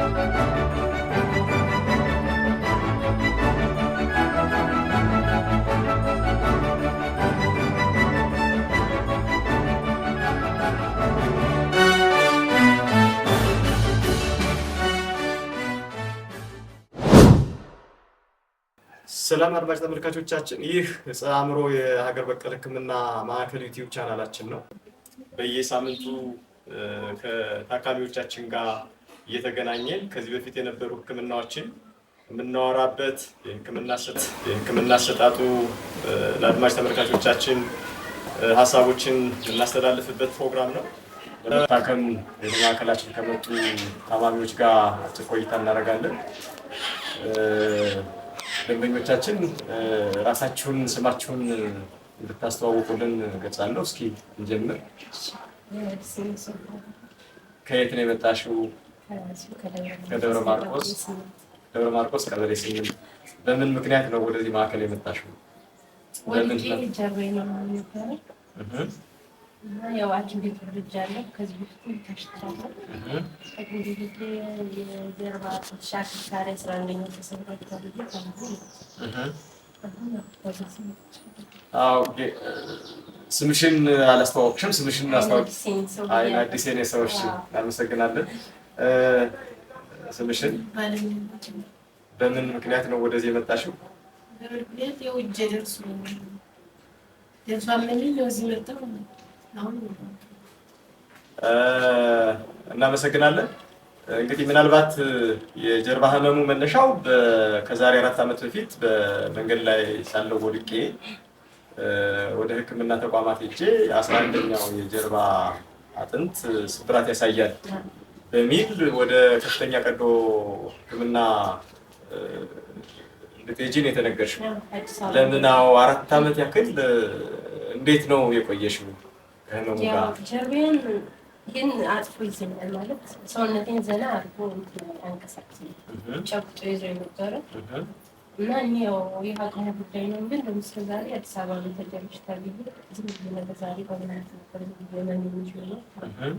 ሰላም አድማጭ ተመልካቾቻችን፣ ይህ ዕፀ አእምሮ የሀገር በቀል ሕክምና ማዕከል ዩቲዩብ ቻናላችን ነው። በየሳምንቱ ከታካሚዎቻችን ጋር እየተገናኘን ከዚህ በፊት የነበሩ ህክምናዎችን የምናወራበት የህክምና አሰጣጡ ለአድማጭ ተመልካቾቻችን ሀሳቦችን የምናስተላልፍበት ፕሮግራም ነው። በመታከም ማዕከላችን ከመጡ ታማሚዎች ጋር አጭር ቆይታ እናደርጋለን። ደንበኞቻችን ራሳችሁን ስማችሁን እንድታስተዋውቁልን ገጻለሁ። እስኪ እንጀምር። ከየት ነው የመጣሽው? ከደብረ ማርቆስ ደብረ ማርቆስ ቀበሌ ስምንት። በምን ምክንያት ነው ወደዚህ ማዕከል የመጣሽው? ወልጄ ቤት ወርጃለሁ። ከዚህ በፊት የጀርባ አስራ ስምሽን አላስተዋወቅሽም። ስምሽን አስታወቂ። አዲስ የኔ ሰዎች አመሰግናለን። ስምሽን በምን ምክንያት ነው ወደዚህ የመጣሽው? እናመሰግናለን። እንግዲህ ምናልባት የጀርባ ህመሙ መነሻው ከዛሬ አራት ዓመት በፊት በመንገድ ላይ ሳለው ወድቄ ወደ ሕክምና ተቋማት ሄጄ አስራ አንደኛው የጀርባ አጥንት ስብራት ያሳያል በሚል ወደ ከፍተኛ ቀዶ ሕክምና ልትሄጂ ነው የተነገርሽው። ለምን አራት ዓመት ያክል እንዴት ነው የቆየሽው? ጀርቤን ግን አጥፎ ይዘኛል ማለት ሰውነቴን ዘና አድርጎ አንቀሳቅስ ጨብጦ ይዞ የነበረ እና እኔ ያው የአቅሙ ጉዳይ ነው። ግን በምስል ዛሬ አዲስ አበባ ነው ተደርጅ ታገኘ ዝም ብዬ ነገር ዛሬ በምናት ነበር ነው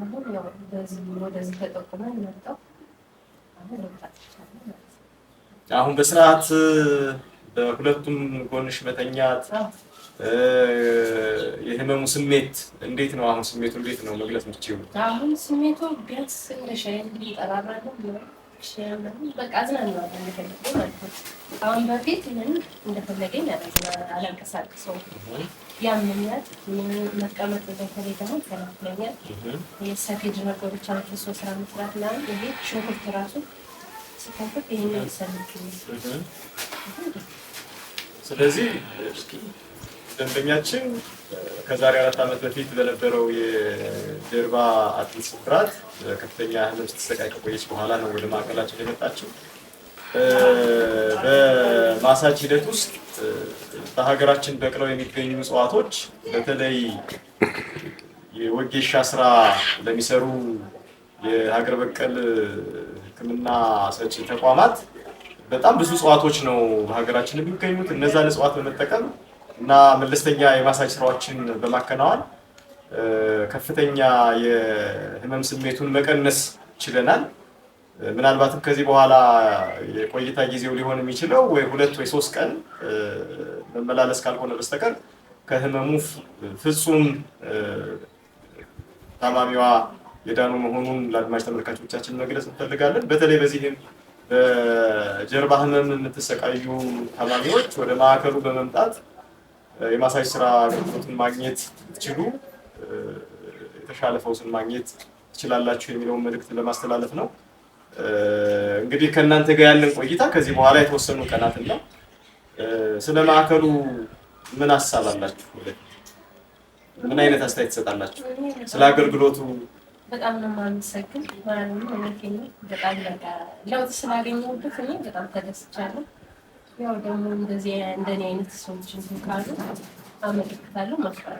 አሁን ያው በዚህ ወደዚህ ተጠቁመን መጣው አሁን መምጣት አሁን በስርዓት በሁለቱም ጎንሽ መተኛት የህመሙ ስሜት እንዴት ነው? አሁን ስሜቱ እንዴት ነው መግለጽ ምችው? አሁን ስሜቱ ቢያንስ ትንሽ ቢሆን በቃ አዝናናው እንደፈለገኝ ማለት ነው። አሁን በፊት ምን እንደፈለገኝ አላንቀሳቅሰውም። ያምኛል፣ መቀመጥ በተለይ ደግሞ ይከላክለኛል። የሰፌድ ነገሮች አንፍሶ ስራ መስራት ምናምን ይሄ ሽንኩርት ራሱ ስከፍት ይሄን ይሰልችኛል። ስለዚህ ደንበኛችን ከዛሬ አራት ዓመት በፊት በነበረው የጀርባ አጥንት ስብራት ከፍተኛ ሕመም ስትሰቃይ ከቆየች በኋላ ነው ወደ ማዕከላችን የመጣችው። በማሳጅ ሂደት ውስጥ በሀገራችን በቅለው የሚገኙ እጽዋቶች በተለይ የወጌሻ ስራ ለሚሰሩ የሀገር በቀል ሕክምና ሰጪ ተቋማት በጣም ብዙ እጽዋቶች ነው በሀገራችን የሚገኙት። እነዛን እጽዋት በመጠቀም እና መለስተኛ የማሳጅ ስራዎችን በማከናወን ከፍተኛ የህመም ስሜቱን መቀነስ ችለናል። ምናልባትም ከዚህ በኋላ የቆይታ ጊዜው ሊሆን የሚችለው ወይ ሁለት ወይ ሶስት ቀን መመላለስ ካልሆነ በስተቀር ከህመሙ ፍጹም ታማሚዋ የዳኑ መሆኑን ለአድማጭ ተመልካቾቻችን መግለጽ እንፈልጋለን። በተለይ በዚህም በጀርባ ህመም የምትሰቃዩ ታማሚዎች ወደ ማዕከሉ በመምጣት የማሳጅ ስራ አገልግሎትን ማግኘት ትችሉ የተሻለ ፈውስን ማግኘት ትችላላችሁ የሚለውን መልእክት ለማስተላለፍ ነው። እንግዲህ ከእናንተ ጋር ያለን ቆይታ ከዚህ በኋላ የተወሰኑ ቀናትና ስለ ማዕከሉ ምን ሀሳብ አላችሁ? ምን አይነት አስተያየት ትሰጣላችሁ? ስለ አገልግሎቱ በጣም ነው የማመሰግን። በጣም ለውጥ ስላገኘሁበት እኔ በጣም ተደስቻለሁ። ያው ደግሞ እንደዚህ እንደኔ አይነት ሰዎች እንትን ካሉ አመለክታለሁ።